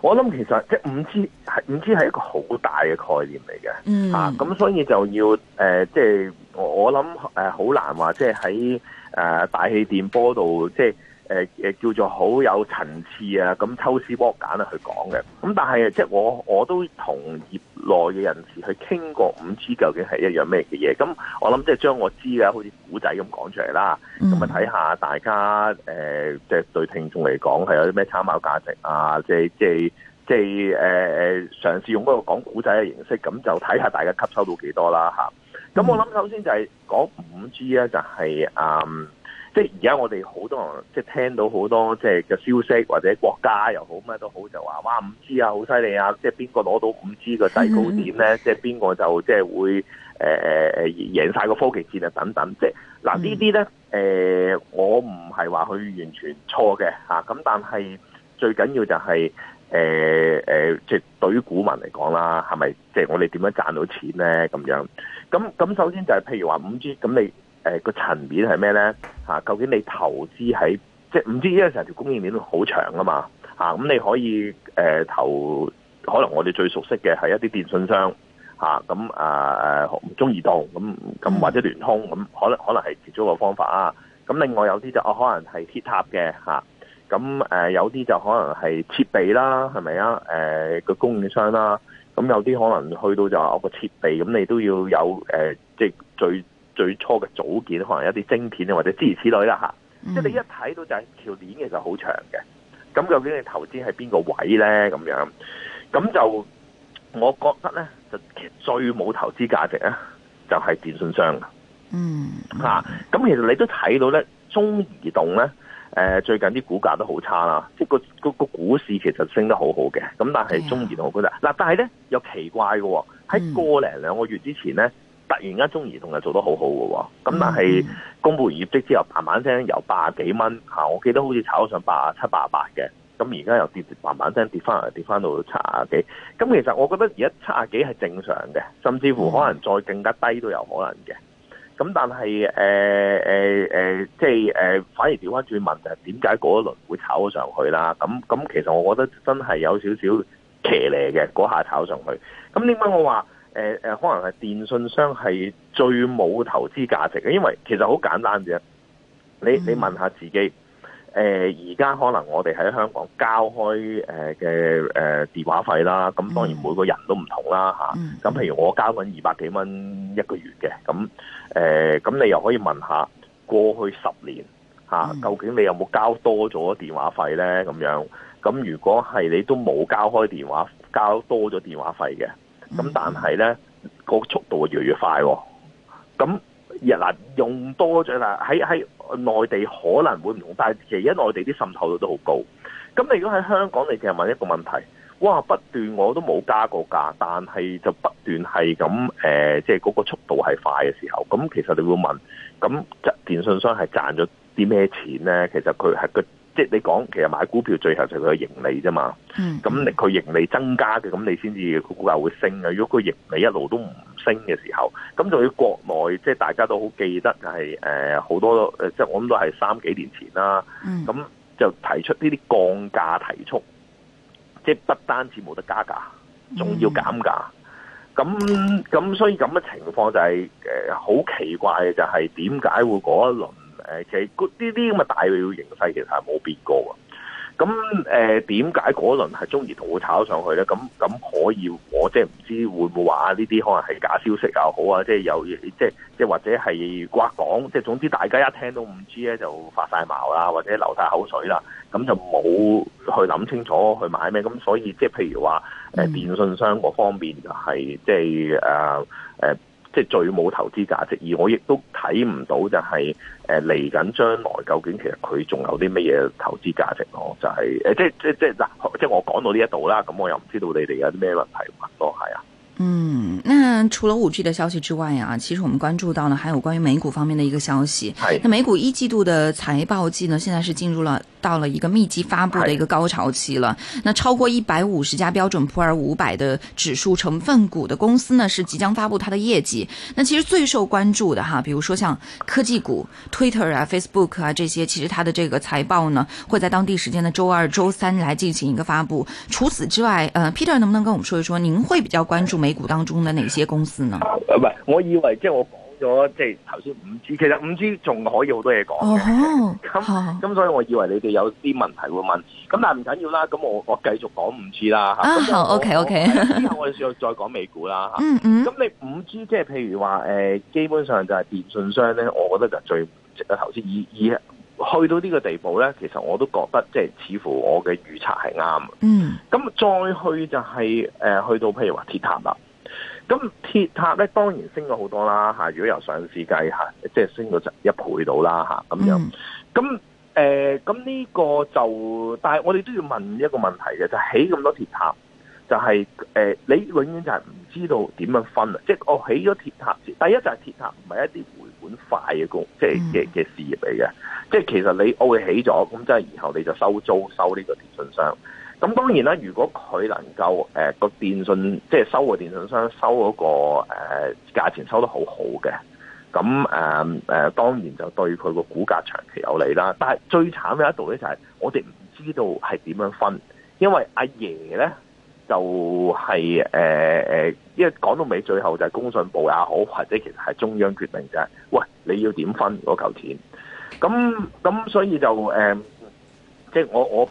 我諗其實即係五 G 係五 G 係一個好大嘅概念嚟嘅，嚇咁、嗯啊、所以就要誒，即、呃、係、就是、我我諗好難話，即係喺誒大氣電波度，即、就、係、是呃、叫做好有層次啊，咁抽絲剝繭啊去講嘅。咁但係即係我我都同意。內嘅人士去傾過五 G 究竟係一樣咩嘅嘢？咁我諗即係將我知嘅，好似古仔咁講出嚟啦，咁啊睇下大家誒，即係對聽眾嚟講係有啲咩參考價值啊？即係即係即係誒誒，嘗試用嗰個講古仔嘅形式，咁就睇下大家吸收到幾多啦嚇。咁我諗首先就係講五 G 咧，就係啊。即係而家我哋好多人即係聽到好多即係嘅消息，或者國家又好咩都好，就話，哇五 G 啊好犀利啊，即係邊個攞到五 G 嘅低高點咧，即係邊個就即係會誒誒贏晒個科技戰啊等等。即係嗱呢啲咧，誒我唔係話佢完全錯嘅吓，咁但係最緊要就係誒誒即係對於股民嚟講啦，係咪即係我哋點樣賺到錢咧？咁樣，咁咁首先就係譬如話五 G 咁你。誒、呃、個層面係咩咧？究竟你投資喺即係唔知呢個成條供應鏈好長啊嘛？咁、啊、你可以誒、呃、投，可能我哋最熟悉嘅係一啲電信商咁啊，啊中移動咁咁、啊、或者聯通咁、啊，可能可能係其中一個方法啊。咁、啊、另外有啲就我、啊、可能係鐵塔嘅咁誒有啲就可能係設備啦，係咪啊？誒、啊、個供應商啦，咁、啊啊、有啲可能去到就話我個設備，咁你都要有誒、啊，即係最。最初嘅組件可能有啲晶片咧，或者諸如此類啦吓，嗯、即係你一睇到就係條鏈其實好長嘅，咁究竟你投資係邊個位咧咁樣？咁就我覺得咧，就其實最冇投資價值啊，就係、是、電信商啊、嗯。嗯、吓、啊，咁其實你都睇到咧，中移動咧，誒、呃、最近啲股價都好差啦，即係個個股市其實升得好好嘅，咁但係中移動我覺得嗱，嗯、但係咧又奇怪嘅喎、哦，喺個零兩個月之前咧。突然間中移動又做得好好嘅喎，咁但係公布完業績之後，慢慢聲由八十幾蚊嚇，我記得好似炒咗上八十七、八十八嘅，咁而家又跌，慢慢聲跌翻嚟，跌翻到七十幾。咁其實我覺得而家七十幾係正常嘅，甚至乎可能再更加低都有可能嘅。咁但係誒誒誒，即係誒、呃，反而調翻轉問題就係點解嗰輪會炒咗上去啦？咁咁其實我覺得真係有少少騎呢嘅嗰下炒上去。咁點解我話？誒誒、呃呃，可能係電信商係最冇投資價值嘅，因為其實好簡單嘅。你你問下自己，誒而家可能我哋喺香港交開誒嘅誒電話費啦，咁當然每個人都唔同啦吓。咁、啊、譬如我交緊二百幾蚊一個月嘅，咁誒咁你又可以問下過去十年吓、啊，究竟你有冇交多咗電話費咧？咁樣咁如果係你都冇交開電話，交多咗電話費嘅。咁、嗯、但係咧，個速度越嚟越快，哦。咁日嗱用多咗啦，喺喺內地可能會唔同，但係其實而家內地啲滲透率都好高。咁你如果喺香港，你淨係問一個問題，哇不斷我都冇加過價，但係就不斷係咁誒，即係嗰個速度係快嘅時候。咁其實你會問，咁電信商係賺咗啲咩錢咧？其實佢係個。即係你講，其實買股票最後就係佢嘅盈利啫嘛。咁你佢盈利增加嘅，咁你先至個股價會升嘅。如果佢盈利一路都唔升嘅時候，咁仲要國內，即係大家都好記得係誒，好多誒，即係我諗都係三幾年前啦。咁就提出呢啲降價提速，即係不單止冇得加價，仲要減價。咁咁所以咁嘅情況就係誒，好奇怪嘅就係點解會嗰一輪？誒，其實呢啲咁嘅大形勢其實係冇變過，咁誒點解嗰輪係中移動會炒上去咧？咁咁可以我即係唔知會唔會話呢啲可能係假消息又好啊，即係有即係即係或者係誇講，即係總之大家一聽都唔知咧就發晒矛啦，或者流晒口水啦，咁就冇去諗清楚去買咩？咁所以即係譬如話誒電信商嗰方面就係即係啊誒。啊即係最冇投資價值，而我亦都睇唔到就係誒嚟緊將來究竟其實佢仲有啲乜嘢投資價值咯？就係誒，即係即係即係嗱，即係我講到呢一度啦，咁我又唔知道你哋有啲咩問題問咯，係啊。嗯。除了 5G 的消息之外啊，其實我們關注到呢，還有關於美股方面的一個消息。那美股一季度的財報季呢，現在是進入了到了一個密集發布的一個高潮期了。那超過一百五十家標準普爾五百的指數成分股的公司呢，是即將發布它的業績。那其實最受關注的哈，比如說像科技股，Twitter 啊、Facebook 啊這些，其實它的這個財報呢，會在當地時間的周二、周三來進行一個發布。除此之外，呃，Peter 能不能跟我們說一說，您會比較關注美股當中的哪些？公司嗱，唔係、啊，我以為即係我講咗，即係頭先五 G，其實五 G 仲可以好多嘢講嘅。咁咁、oh, oh.，所以我以為你哋有啲問題會問，咁但係唔緊要啦。咁我我繼續講五 G 啦。Oh, 啊我，OK OK。之後我哋再再講美股啦。嗯咁、mm, mm. 你五 G 即係譬如話誒，基本上就係電信商咧，我覺得就最值得投資。而而去到呢個地步咧，其實我都覺得即係似乎我嘅預測係啱。嗯。咁再去就係、是、誒、呃，去到譬如話鐵塔啦。咁鐵塔咧，當然升咗好多啦吓，如果由上市計吓，即係升到一倍到啦吓咁樣。咁誒，咁呢個就，但係我哋都要問一個問題嘅，就起、是、咁多鐵塔，就係、是、誒、呃、你永遠就係唔知道點樣分啊！即、就、係、是、我起咗鐵塔，第一就係鐵塔唔係一啲回本快嘅工，即係嘅嘅事業嚟嘅。Mm. 即係其實你我會起咗，咁即係然後你就收租收呢個電信商。咁當然啦、啊，如果佢能夠誒個、呃、電信，即係收個電信商收嗰、那個誒、呃、價錢收得好好嘅，咁誒、呃、當然就對佢個股價長期有利啦。但係最慘嘅一度咧就係我哋唔知道係點樣分，因為阿爺咧就係、是、誒、呃、因為講到尾最後就係工信部也、啊、好，或者其實係中央決定就係，喂你要點分嗰嚿錢？咁咁所以就誒，即係我我。我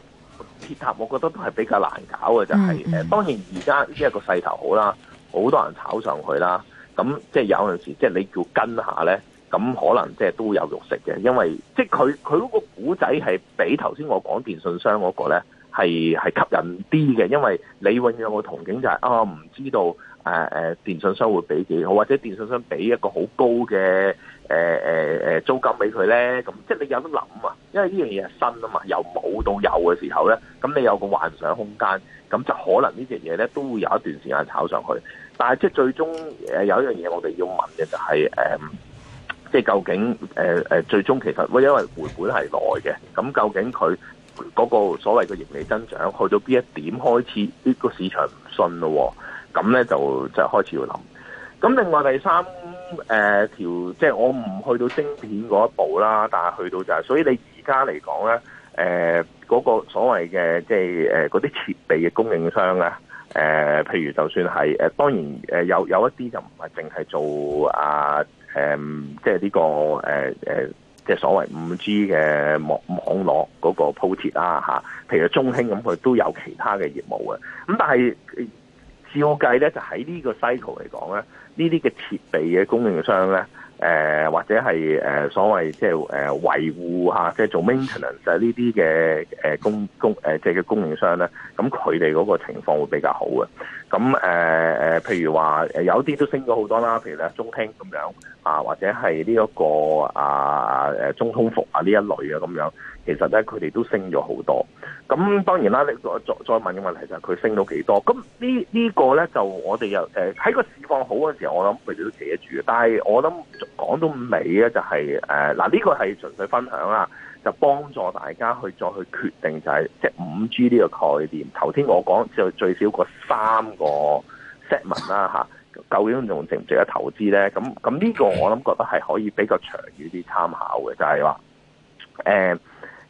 鐵塔，我覺得都係比較難搞嘅，就係、是、誒。Mm hmm. 當然而家呢一個勢頭好啦，好多人炒上去啦。咁即係有陣時，即係你叫跟下咧，咁可能即係都有肉食嘅，因為即係佢佢嗰個故仔係比頭先我講電信商嗰個咧係係吸引啲嘅，因為你永遠嘅憧憬就係、是、啊唔知道。誒誒、啊啊，電信商會俾幾好，或者電信商俾一個好高嘅誒誒誒租金俾佢咧？咁即係你有得諗啊，因為呢樣嘢係新啊嘛，由冇到有嘅時候咧，咁你有個幻想空間，咁就可能呢樣嘢咧都會有一段時間炒上去。但係即係最終誒有一樣嘢我哋要問嘅就係、是、誒、嗯，即係究竟誒誒、啊、最終其實，因為回本係耐嘅，咁究竟佢嗰個所謂嘅盈利增長去到邊一點開始呢個市場唔信咯？咁咧就就開始要諗。咁另外第三誒條，即係我唔去到芯片嗰一步啦，但係去到就係，所以你而家嚟講咧誒嗰個所謂嘅即係誒嗰啲設備嘅供應商啊誒，譬如就算係誒，當然誒有有一啲就唔係淨係做啊誒，即係呢個誒誒，即係所謂五 G 嘅網網絡嗰個鋪設啦吓，譬如中興咁，佢都有其他嘅業務嘅。咁但係。照我計咧，就喺呢個 cycle 嚟講咧，呢啲嘅設備嘅供應商咧，誒或者係誒所謂即係誒維護啊，即係做 maintenance 呢啲嘅誒供供誒即係嘅供應商咧，咁佢哋嗰個情況會比較好嘅。咁誒誒譬如話有啲都升咗好多啦，譬如咧中興咁樣啊，或者係呢一個啊誒中通服啊呢一類啊咁樣。其實咧，佢哋都升咗好多。咁當然啦，你再再問嘅問題就係，是，佢升到幾多？咁，這個，呢呢個咧就我哋又誒喺個市況好嘅時候，我諗佢哋都企得住嘅。但係我諗講到尾咧，就是，就係誒嗱呢個係純粹分享啦，就幫助大家去再去決定就係即係五 G 呢個概念。頭先我講就最少過個三個 set 文啦吓，究竟仲值唔值得投資咧？咁咁呢個我諗覺得係可以比較長遠啲參考嘅，就係，是，話，呃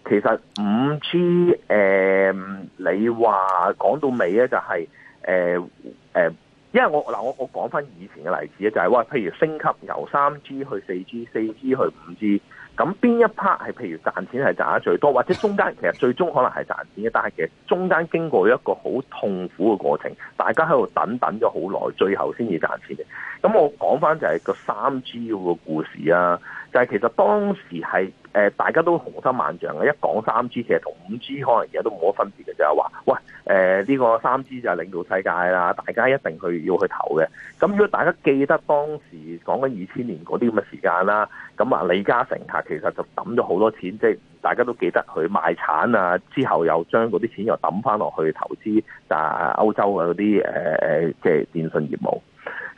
其實五 G，誒、呃，你話講到尾咧、就是，就係誒誒，因為我嗱，我我講翻以前嘅例子咧，就係話，譬如升級由三 G 去四 G，四 G 去五 G，咁邊一 part 係譬如賺錢係賺得最多，或者中間其實最終可能係賺錢嘅，但係其實中間經過一個好痛苦嘅過程，大家喺度等等咗好耐，最後先至賺錢嘅。咁我講翻就係個三 G 嘅故事啊，就係、是、其實當時係。誒，大家都雄心萬丈嘅，一講三 G 其實同五 G 可能而家都冇乜分別嘅，就係話，喂，誒、呃、呢、這個三 G 就係領導世界啦，大家一定去要去投嘅。咁如果大家記得當時講緊二千年嗰啲咁嘅時間啦，咁啊李嘉誠啊，其實就抌咗好多錢，即係大家都記得佢賣產啊，之後又將嗰啲錢又抌翻落去投資啊歐洲嘅嗰啲誒誒，即、呃、係、就是、電信業務。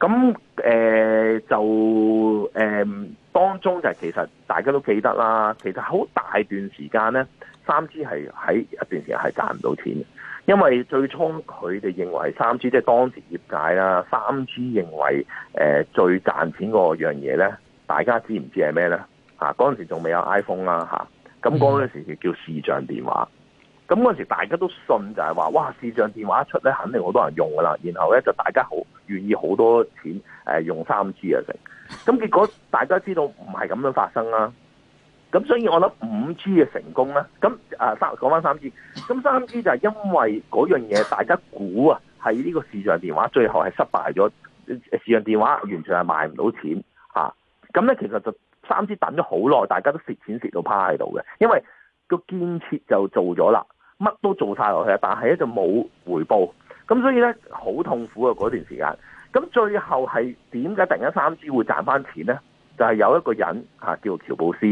咁誒、呃、就誒、呃、當中就其實大家都記得啦，其實好大段時間咧，三 G 係喺一段時間係賺唔到錢，因為最初佢哋認為三 G 即係當時業界啦，三 G 認為、呃、最賺錢嗰樣嘢咧，大家知唔知係咩咧？嚇、啊，嗰陣、啊啊、時仲未有 iPhone 啦，咁嗰陣時叫視像電話。咁嗰陣時，大家都信就係話：哇！視像電話一出咧，肯定好多人用噶啦。然後咧，就大家好願意好多錢、呃、用三 G 啊，成。咁結果大家知道唔係咁樣發生啦。咁所以我諗五 G 嘅成功咧，咁啊三講翻三 G，咁三 G 就係因為嗰樣嘢，大家估啊，係呢個視像電話最後係失敗咗、呃。視像電話完全係賣唔到錢嚇。咁、啊、咧其實就三 G 等咗好耐，大家都蝕錢蝕到趴喺度嘅，因為個建設就做咗啦。乜都做晒落去，但係咧就冇回報，咁所以咧好痛苦啊嗰段時間。咁最後係點解突然間 3G 會賺翻錢咧？就係、吓、有一個人叫喬布斯，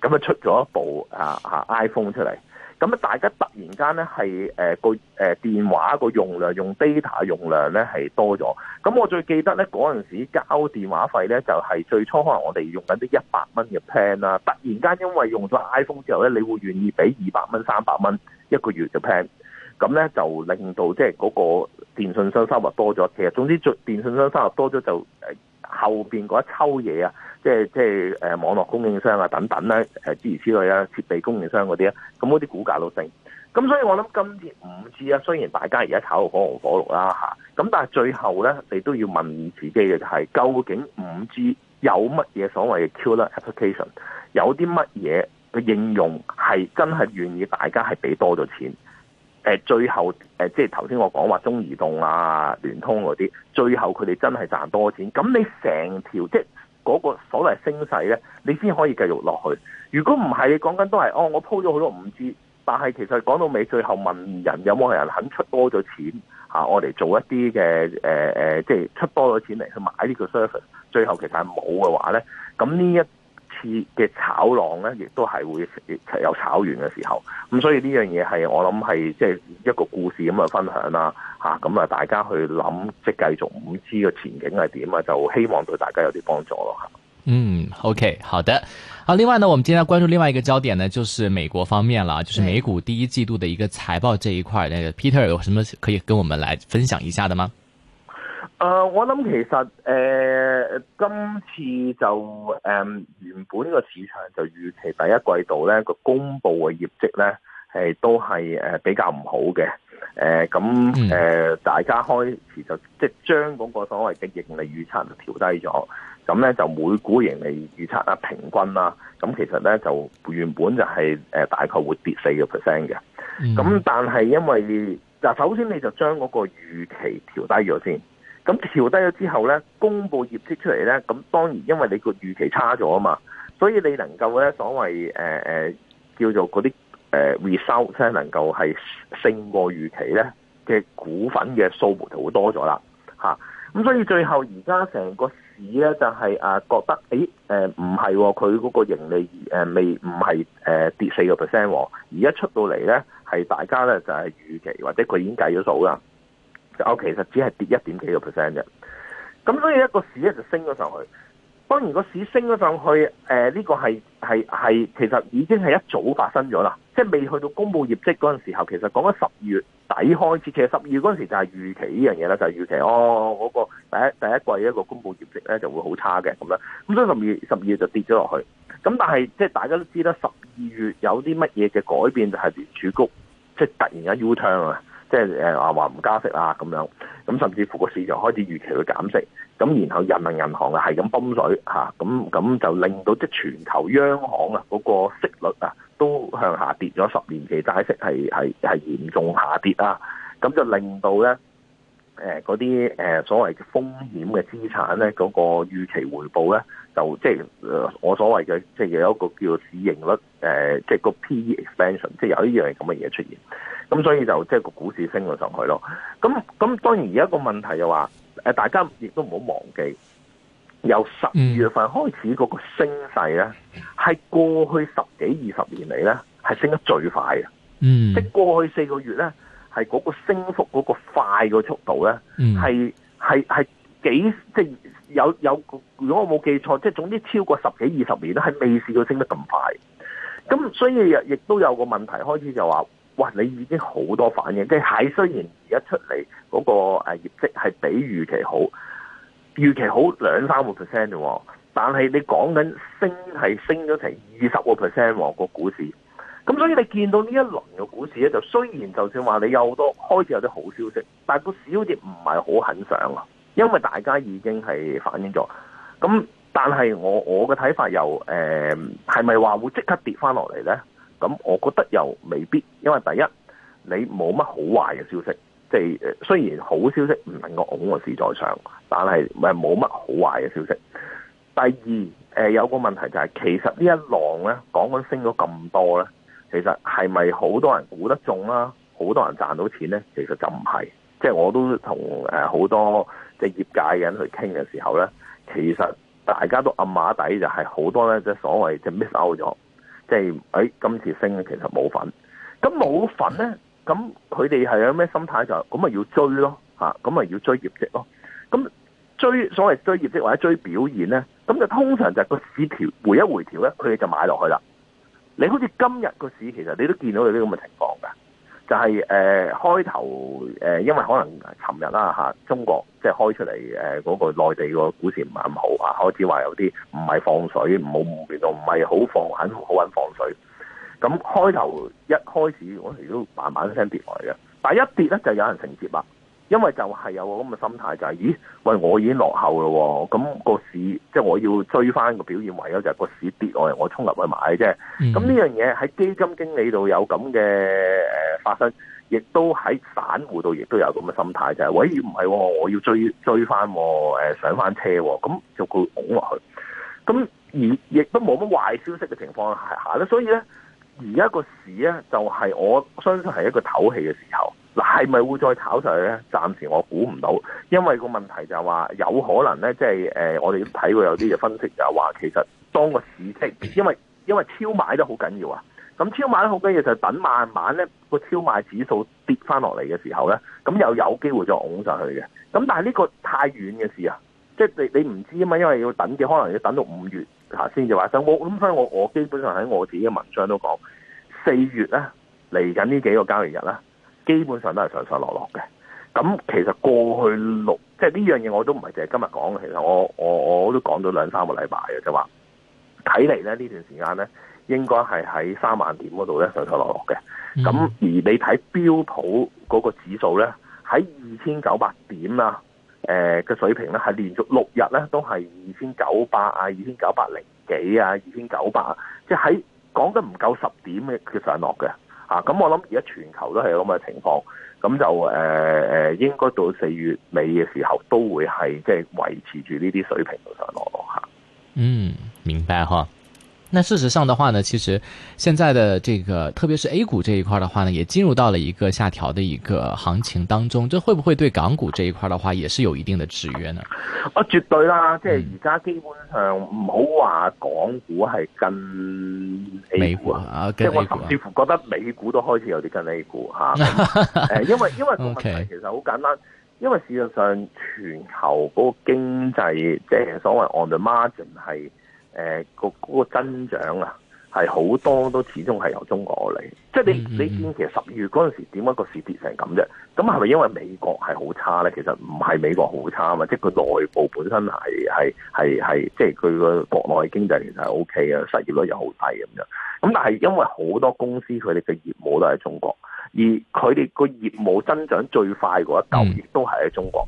咁啊出咗一部啊 iPhone 出嚟，咁啊大家突然間咧係誒個誒電話個用量用 data 用量咧係多咗。咁我最記得咧嗰陣時交電話費咧就係最初可能我哋用緊啲一百蚊嘅 plan 啦，突然間因為用咗 iPhone 之後咧，你會願意俾二百蚊、三百蚊。一個月就 plan，咁咧就令到即係嗰個電信商收入多咗，其實總之電信商收入多咗就誒後面嗰一抽嘢啊，即係即係誒網絡供應商啊等等啦，誒諸如此類啊，設備供應商嗰啲啊，咁嗰啲股價都升。咁所以我諗今次五 G 啊，雖然大家而家炒到火紅火綠啦嚇，咁但係最後咧，你都要問自己嘅就係、是，究竟五 G 有乜嘢所謂嘅 killer application，有啲乜嘢？嘅應用係真係願意大家係俾多咗錢，誒最後誒即係頭先我講話中移動啊、聯通嗰啲，最後佢哋真係賺多錢。咁你成條即係嗰個所謂升勢咧，你先可以繼續落去。如果唔係，你講緊都係，哦，我鋪咗好多五 G，但係其實講到尾，最後問人有冇人肯出多咗錢嚇我哋做一啲嘅誒誒，即係出多咗錢嚟去買呢個 service，最後其實係冇嘅話咧，咁呢一。嘅炒浪咧，亦都係會有炒完嘅時候，咁所以呢樣嘢係我諗係即係一個故事咁去分享啦嚇，咁啊大家去諗即係繼續 5G 嘅前景係點啊，就希望對大家有啲幫助咯嚇。嗯，OK，好的。好，另外呢，我們今天關注另外一個焦點呢，就是美國方面啦，就是美股第一季度嘅一個財報這一塊，呢、那個、Peter 有什麼可以跟我們來分享一下的嗎？誒、呃，我諗其實誒、呃，今次就誒、呃，原本呢個市場就預期第一季度咧個公布嘅業績咧，係都係誒比較唔好嘅。誒、呃，咁、呃、誒，嗯、大家開始就即將嗰個所謂嘅盈利預測調低咗，咁咧就每股盈利預測啊，平均啦，咁其實咧就原本就係誒大概會跌四個 percent 嘅。咁、嗯、但係因為嗱，首先你就將嗰個預期調低咗先。咁調低咗之後咧，公布業績出嚟咧，咁當然因為你個預期差咗啊嘛，所以你能夠咧所謂誒、呃、叫做嗰啲 results 即係能夠係勝過預期咧嘅股份嘅數目就會多咗啦吓。咁所以最後而家成個市咧就係、是、啊覺得，誒唔係喎，佢、呃、嗰、哦、個盈利、呃、未唔係、呃、跌四個 percent 喎，而一出到嚟咧係大家咧就係、是、預期或者佢已經計咗數啦。其實只係跌一點幾個 percent 嘅，咁所以一個市咧就升咗上，上去。當、呃、然、這個市升咗上去，誒呢個係係係其實已經係一早發生咗啦，即、就、係、是、未去到公佈業績嗰陣時候，其實講緊十二月底開始，其實十二月嗰陣時候就係預期呢樣嘢啦，就係、是、預期哦嗰個第一第一季一個公佈業績咧就會好差嘅咁樣。咁所以十二十二月就跌咗落去。咁但係即係大家都知啦，十二月有啲乜嘢嘅改變就係聯儲局即係、就是、突然間 U turn 啊！即係誒，話話唔加息啊，咁樣，咁甚至乎個市場開始預期去減息，咁然後人民銀行啊，係咁泵水嚇，咁咁就令到即係全球央行啊，嗰個息率啊，都向下跌咗，十年期債息係係係嚴重下跌啊，咁就令到咧。誒嗰啲誒所謂嘅風險嘅資產咧，嗰、嗰個預期回報咧，就即係、呃、我所謂嘅，即係有一個叫做市盈率，呃、即係個 P E expansion，即係有一樣咁嘅嘢出現。咁所以就即係個股市升咗上去咯。咁咁當然而家個問題就話、呃，大家亦都唔好忘記，由十二月份開始嗰個升勢咧，係、嗯、過去十幾二十年嚟咧，係升得最快嘅。嗯，即係過去四個月咧。係嗰個升幅嗰個快個速度咧，係係係幾即係有有如果我冇記錯，即係總之超過十幾二十年咧，係未試過升得咁快。咁所以亦都有個問題開始就話，哇！你已經好多反應嘅蟹，即係雖然而家出嚟嗰個誒業績係比預期好，預期好兩三個 percent 啫，但係你講緊升係升咗成二十個 percent 喎，個股市。咁所以你見到呢一輪嘅股市咧，就雖然就算話你有好多開始有啲好消息，但個市好似唔係好肯上啊，因為大家已經係反映咗。咁但係我我嘅睇法又呃，係咪話會即刻跌翻落嚟咧？咁我覺得又未必，因為第一你冇乜好壞嘅消息，即係雖然好消息唔能夠㧬個市再上，但係唔係冇乜好壞嘅消息。第二，呃，有個問題就係，其實呢一浪咧講緊升咗咁多咧。其實係咪好多人估得中啦、啊？好多人賺到錢咧？其實就唔係，即、就、係、是、我都同誒好多即係業界嘅人去傾嘅時候咧，其實大家都暗馬底就係好多咧，即係所謂即 miss out 咗，即係誒今次升其實冇粉，咁冇份咧，咁佢哋係有咩心態，就咁咪要追咯吓，咁、啊、咪要追業績咯，咁追所謂追業績或者追表現咧，咁就通常就係個市調回一回調咧，佢哋就買落去啦。你好似今日個市，其實你都見到有啲咁嘅情況㗎。就係、是、誒、呃、開頭誒、呃，因為可能尋日啦嚇，中國即係開出嚟誒嗰個內地個股市唔係咁好嚇，開始話有啲唔係放水，唔好唔係好放，好揾放水。咁開頭一開始我哋都慢慢聲跌落嚟嘅，但係一跌咧就有人承接啦。因為就係有個咁嘅心態，就係、是、咦，喂，我已經落後咯，咁、那個市即係、就是、我要追翻個表現，唯有就係、是、個市跌，我嚟我沖入去買啫。咁呢、嗯、樣嘢喺基金經理度有咁嘅誒發生，亦都喺散戶度亦都有咁嘅心態就係、是，喂，唔係、哦，我要追追翻、哦，誒、呃、上翻車、哦，咁就佢拱落去。咁而亦都冇乜壞消息嘅情況下下咧，所以咧而一個市咧就係、是、我相信係一個唞氣嘅時候。嗱，係咪會再炒上去咧？暫時我估唔到因、就是呃，因為個問題就係話有可能咧，即係誒，我哋睇過有啲嘅分析就話，其實當個市績，因為因為超買得好緊要啊，咁超買好緊要就等慢慢咧個超買指數跌翻落嚟嘅時候咧，咁又有機會再㧬上去嘅。咁但係呢個太遠嘅事啊，即、就、係、是、你你唔知啊嘛，因為要等嘅，可能要等到五月嚇先至發生。冇。咁所以我我基本上喺我自己嘅文章都講四月咧嚟緊呢幾個交易日啦。基本上都係上上落落嘅，咁其實過去六，即係呢樣嘢我都唔係淨係今日講，其實我我我都講咗兩三個禮拜嘅，就話睇嚟咧呢段時間咧應該係喺三萬點嗰度咧上上落落嘅，咁、嗯、而你睇標普嗰個指數咧喺二千九百點啊，誒嘅水平咧係連續六日咧都係二千九百啊、二千九百零幾啊、二千九百，即係喺講緊唔夠十點嘅嘅上落嘅。咁、啊、我諗而家全球都係咁嘅情況，咁就誒誒、呃，應該到四月尾嘅時候都會係即係維持住呢啲水平度上落落下。啊、嗯，明白嚇。那事實上的話呢，其實現在的這個，特別是 A 股這一塊的話呢，也進入到了一個下調的一個行情當中。這會不會對港股這一塊的話，也是有一定的制約呢？我、啊、絕對啦！即係而家基本上唔好話港股係跟 A 股、啊、美股啊，跟 A 股啊，即係我甚至乎覺得美股都開始有啲跟 A 股吓、啊。誒、 啊，因為因為個問題其實好簡單， 因為事實上全球嗰個經濟即係所謂 on the margin 係。誒，呃那個、那個增長啊，係好多都始終係由中國嚟，即係你你見其實十二月嗰陣時點解個市跌成咁啫？咁係咪因為美國係好差咧？其實唔係美國好差啊，即係佢內部本身係係係係，即係佢個國內經濟其實係 O K 啊，失業率又好低咁樣。咁但係因為好多公司佢哋嘅業務都係中國，而佢哋個業務增長最快嗰一嚿，亦、嗯、都係喺中國。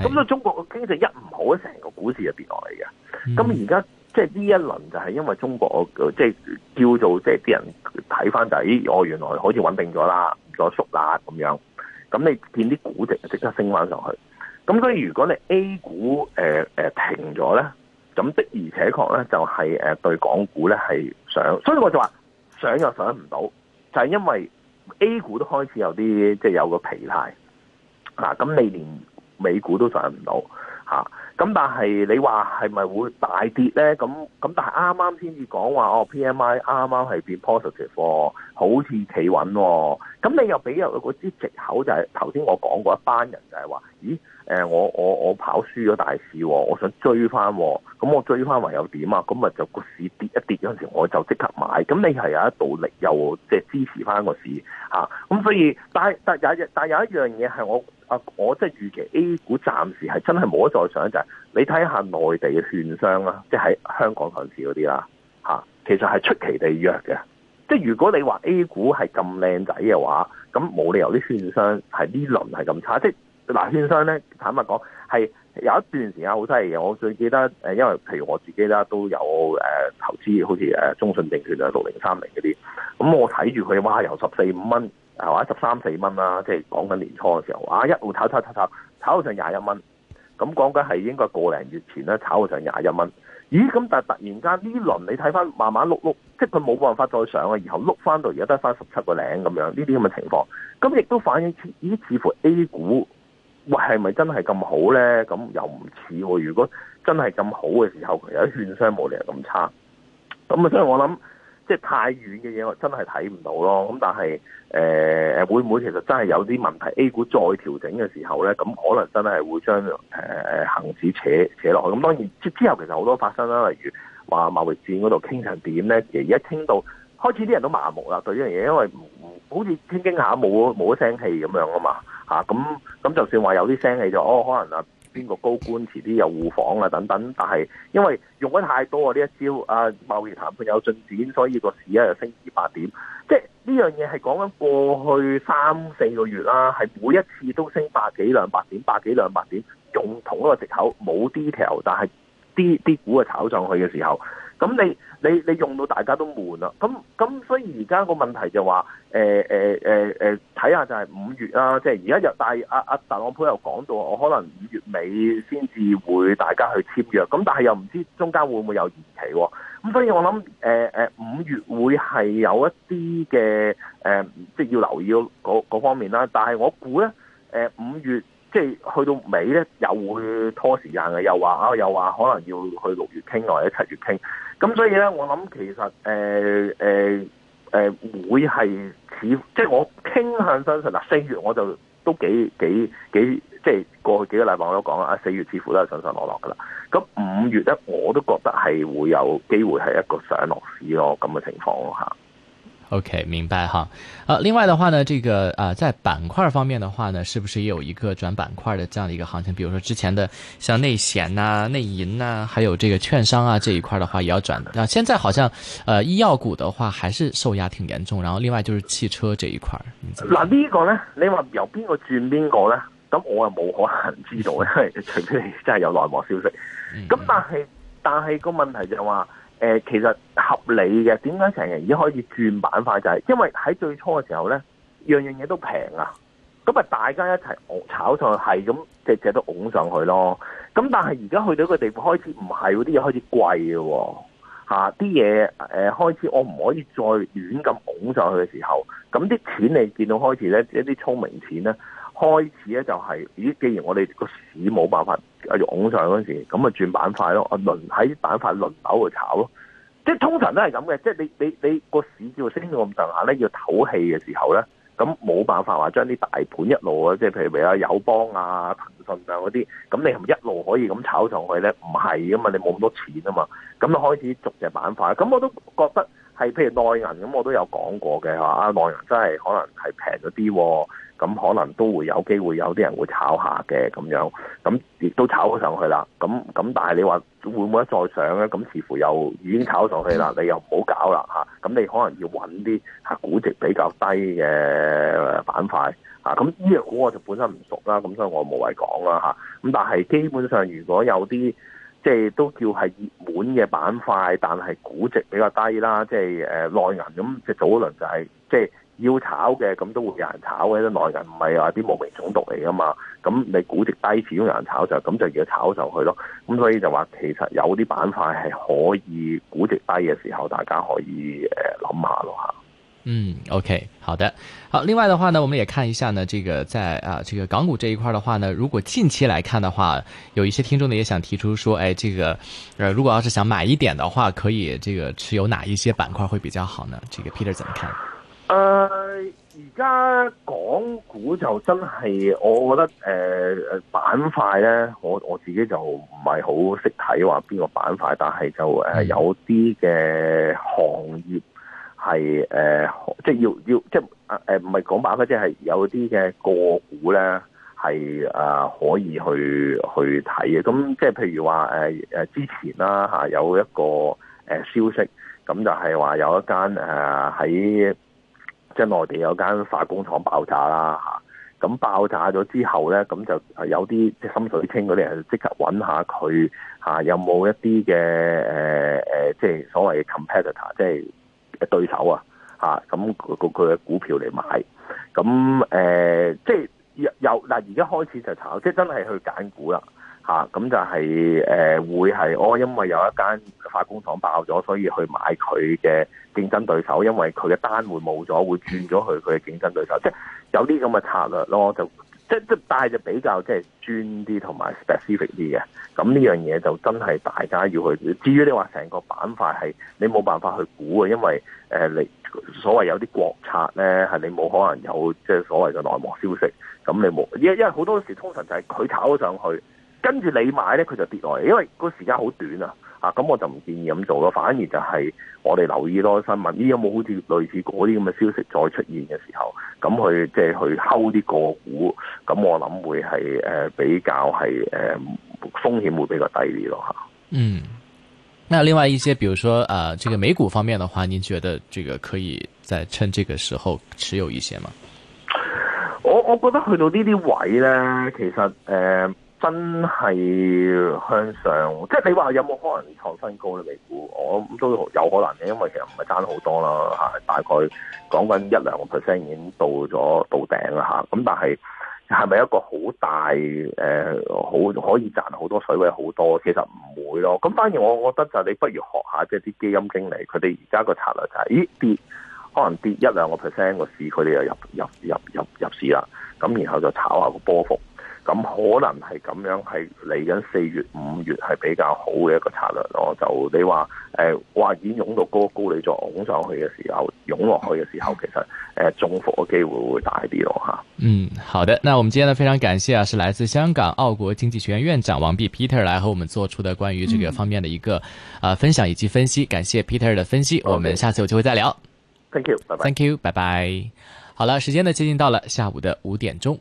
咁的所以中國個經濟一唔好，成個股市就跌落嚟嘅。咁而家。即係呢一輪就係因為中國，即係叫做即係啲人睇翻就咦、是、我、哎哦、原來好似穩定咗啦，咗縮啦咁樣，咁你見啲估值即刻升翻上去，咁所以如果你 A 股誒誒、呃呃、停咗咧，咁的而且確咧就係誒對港股咧係上，所以我就話上又上唔到，就係、是、因為 A 股都開始有啲即係有個疲態，嗱，咁你連美股都上唔到吓。啊咁但係你話係咪會大跌咧？咁咁但係啱啱先至講話哦，PMI 啱啱係變 positive 喎、哦，好似企穩喎。咁你又俾入嗰支藉口，就係頭先我講過一班人就係話，咦？我我我跑輸咗大市，我想追翻。咁我追翻又點啊？咁咪就個市跌一跌嗰陣時，我就即刻買。咁你係有一度力，又即係支持翻個市嚇。咁、啊、所以，但但有但有一樣嘢係我。我即係預期 A 股暫時係真係冇得再上，就係你睇下內地嘅券商啦，即係喺香港上市嗰啲啦，嚇，其實係出奇地弱嘅。即係如果你話 A 股係咁靚仔嘅話，咁冇理由啲券商係呢輪係咁差。即係嗱，券商咧坦白講係有一段時間好犀利嘅。我最記得誒，因為譬如我自己啦，都有誒投資，好似誒中信證券啊、六零三零嗰啲，咁我睇住佢哇，由十四五蚊。係或者十三四蚊啦，即係講緊年初嘅時候，啊一路炒炒炒炒，炒到上廿一蚊，咁講緊係應該個零月前咧，炒到上廿一蚊。咦，咁但係突然間呢輪你睇翻慢慢碌碌，即係佢冇辦法再上啊，然後碌翻到而家得翻十七個零咁樣，呢啲咁嘅情況，咁亦都反映出咦，似乎 A 股喂，係咪真係咁好咧？咁又唔似喎。如果真係咁好嘅時候，其實券商冇理由咁差。咁啊，所以我諗。即係太遠嘅嘢，我真係睇唔到咯。咁但係誒、呃、會唔會其實真係有啲問題？A 股再調整嘅時候咧，咁可能真係會將誒誒、呃、行市扯扯落去。咁當然之之後其實好多發生啦，例如話貿易戰嗰度傾成點咧，其實而家傾到開始啲人都麻木啦對呢樣嘢，因為好似傾傾下冇冇一談聲氣咁樣啊嘛嚇。咁咁就算話有啲聲氣，就哦，可能啊。邊個高官？遲啲又互訪啦，等等。但係因為用得太多喎啊，呢一招啊，貿易談判有進展，所以個市一又升二百點。即係呢樣嘢係講緊過去三四個月啦，係每一次都升百幾兩百點，百幾兩百點，用同一個借口，冇 detail，但係啲啲股啊炒上去嘅時候。咁你你你用到大家都悶啦，咁咁所以而家個問題就話誒誒誒睇下就係五月啦。即係而家又，但係阿阿特朗普又講到，我可能五月尾先至會大家去簽約，咁但係又唔知中間會唔會有延期喎、哦？咁所以我諗誒五月會係有一啲嘅誒，即、呃、係、就是、要留意嗰方面啦。但係我估咧誒五月即係、就是、去到尾咧，又會拖時間嘅，又話啊又話可能要去六月傾，或者七月傾。咁所以咧，我諗其實，誒誒誒，會係似，即係我傾向相信嗱，四月我就都幾幾幾，即係過去幾個禮拜我都講啦，啊四月似乎都係順順落落噶啦。咁五月咧，我都覺得係會有機會係一個上落市咯咁嘅情況咯。OK，明白哈，呃，另外的話呢，這個呃，在板塊方面的話呢，是不是也有一個轉板塊的這樣的一個行情？比如說之前的像內險呐、啊、內銀呐、啊，還有這個券商啊這一塊的話也要轉的。那現在好像呃，醫藥股的話還是受壓挺嚴重。然後另外就是汽車這一塊。嗱，呢個呢，你話由邊個轉邊個呢？咁我啊冇可能知道嘅，因為除非真係有內幕消息。咁但係、嗯、但係個問題就係話。誒其實合理嘅，點解成日已經開始轉板塊？就係因為喺最初嘅時候咧，樣樣嘢都平啊，咁啊大家一齊炒上去，係咁隻隻都拱上去咯。咁但係而家去到個地步，開始唔係嗰啲嘢開始貴嘅喎，啲嘢誒開始我唔可以再亂咁拱上去嘅時候，咁啲錢你見到開始咧一啲聰明錢咧。開始咧就係、是、咦，既然我哋個市冇辦法啊湧上嗰陣時，咁啊轉板塊咯，啊輪喺板塊輪流去炒咯，即係通常都係咁嘅，即係你你你個市要升到咁上下咧，要唞氣嘅時候咧，咁冇辦法話將啲大盤一路啊，即係譬如譬如啊友邦啊騰訊啊嗰啲，咁你係咪一路可以咁炒上去咧？唔係啊嘛，你冇咁多錢啊嘛，咁就開始逐隻板塊，咁我都覺得係譬如內銀咁，我都有講過嘅吓啊，內銀真係可能係平咗啲。咁可能都會有機會有啲人會炒下嘅咁樣，咁亦都炒咗上去啦。咁咁，但係你話會唔會一再上咧？咁似乎又已經炒咗上去啦，你又唔好搞啦嚇。咁你可能要揾啲估值比較低嘅板塊。咁呢隻股我就本身唔熟啦，咁所以我冇謂講啦嚇。咁但係基本上如果有啲即係都叫係熱門嘅板塊，但係估值比較低啦，即係內銀咁，即係早輪就係即係。要炒嘅咁都會有人炒嘅，啲內人唔係話啲無名腫毒嚟噶嘛，咁你估值低始終有人炒就，咁就要炒就去咯。咁所以就話其實有啲板塊係可以估值低嘅時候，大家可以呃、諗下咯吓嗯，OK，好的。好，另外的話呢，我們也看一下呢，這個在啊，這個港股這一塊的話呢，如果近期來看的話，有一些聽眾呢也想提出說，誒、哎，這個、呃，如果要是想買一點的話，可以這個持有哪一些板塊會比較好呢？這個 Peter 怎麼看？誒，而家港股就真係，我覺得誒誒板塊咧，我我自己就唔係好識睇話邊個板塊，但係就誒、呃、有啲嘅行業係誒、呃，即係要要即係誒唔係講板塊，即係、呃、有啲嘅個股咧係啊可以去去睇嘅。咁即係譬如話誒誒之前啦、啊、吓，有一個誒消息，咁就係話有一間誒喺，呃即係內地有間化工廠爆炸啦，嚇咁、啊、爆炸咗之後咧，咁就有啲即係心水清嗰啲人即刻揾下佢嚇、啊、有冇一啲嘅誒誒，即係所謂 competitor，即係對手啊嚇，咁佢嘅股票嚟買，咁誒、啊、即係有嗱，而、啊、家開始就炒，即係真係去揀股啦。吓，咁就係，誒，會係我，因為有一間化工廠爆咗，所以去買佢嘅競爭對手，因為佢嘅單會冇咗，會轉咗去佢嘅競爭對手，即係有啲咁嘅策略咯。就即係即係，但係就比較即係專啲同埋 specific 啲嘅。咁呢樣嘢就真係大家要去。至於你話成個板塊係你冇辦法去估嘅，因為誒，你所謂有啲國策咧，係你冇可能有即係所謂嘅內幕消息。咁你冇，因因為好多時通常就係佢炒咗上去。跟住你買呢，佢就跌落嚟，因為個時間好短啊！啊，咁我就唔建議咁做咯，反而就係我哋留意多新聞，咦有冇好似類似嗰啲咁嘅消息再出現嘅時候，咁去即係去睺啲個股，咁我諗會係誒比較係誒風險會比較低啲咯嚇。嗯，那另外一些，比如說啊，這個美股方面嘅話，您覺得這個可以再趁這個時候持有一些嗎？我我覺得去到呢啲位呢，其實誒。真係向上，即係你話有冇可能創新高咧？你估我都有可能嘅，因為其實唔係爭好多啦嚇，大概講緊一兩個 percent 已經到咗到頂啦嚇。咁但係係咪一個大、呃、好大好可以賺好多水位好多？其實唔會咯。咁反而我覺得就你不如學下即係啲基金經理，佢哋而家個策略就係、是、咦跌可能跌一兩個 percent 個市，佢哋就入入入入入市啦。咁然後就炒下個波幅。咁可能係咁樣，係嚟緊四月五月係比較好嘅一個策略咯。我就你話，誒、呃，話已經湧到高高你再湧上去嘅時候，湧落去嘅時候，其實誒、呃，中伏嘅機會會大啲咯，吓。嗯，好的，那我們今天呢非常感謝啊，是來自香港奧國經濟學院院長王弼 Peter 來和我們做出的關於這個方面的一個啊分享以及分析。感謝 Peter 的分析，嗯、我們下次有機會再聊。謝謝拜拜 Thank you，拜拜。Thank you，拜拜。好了，時間呢接近到了下午的五點鐘。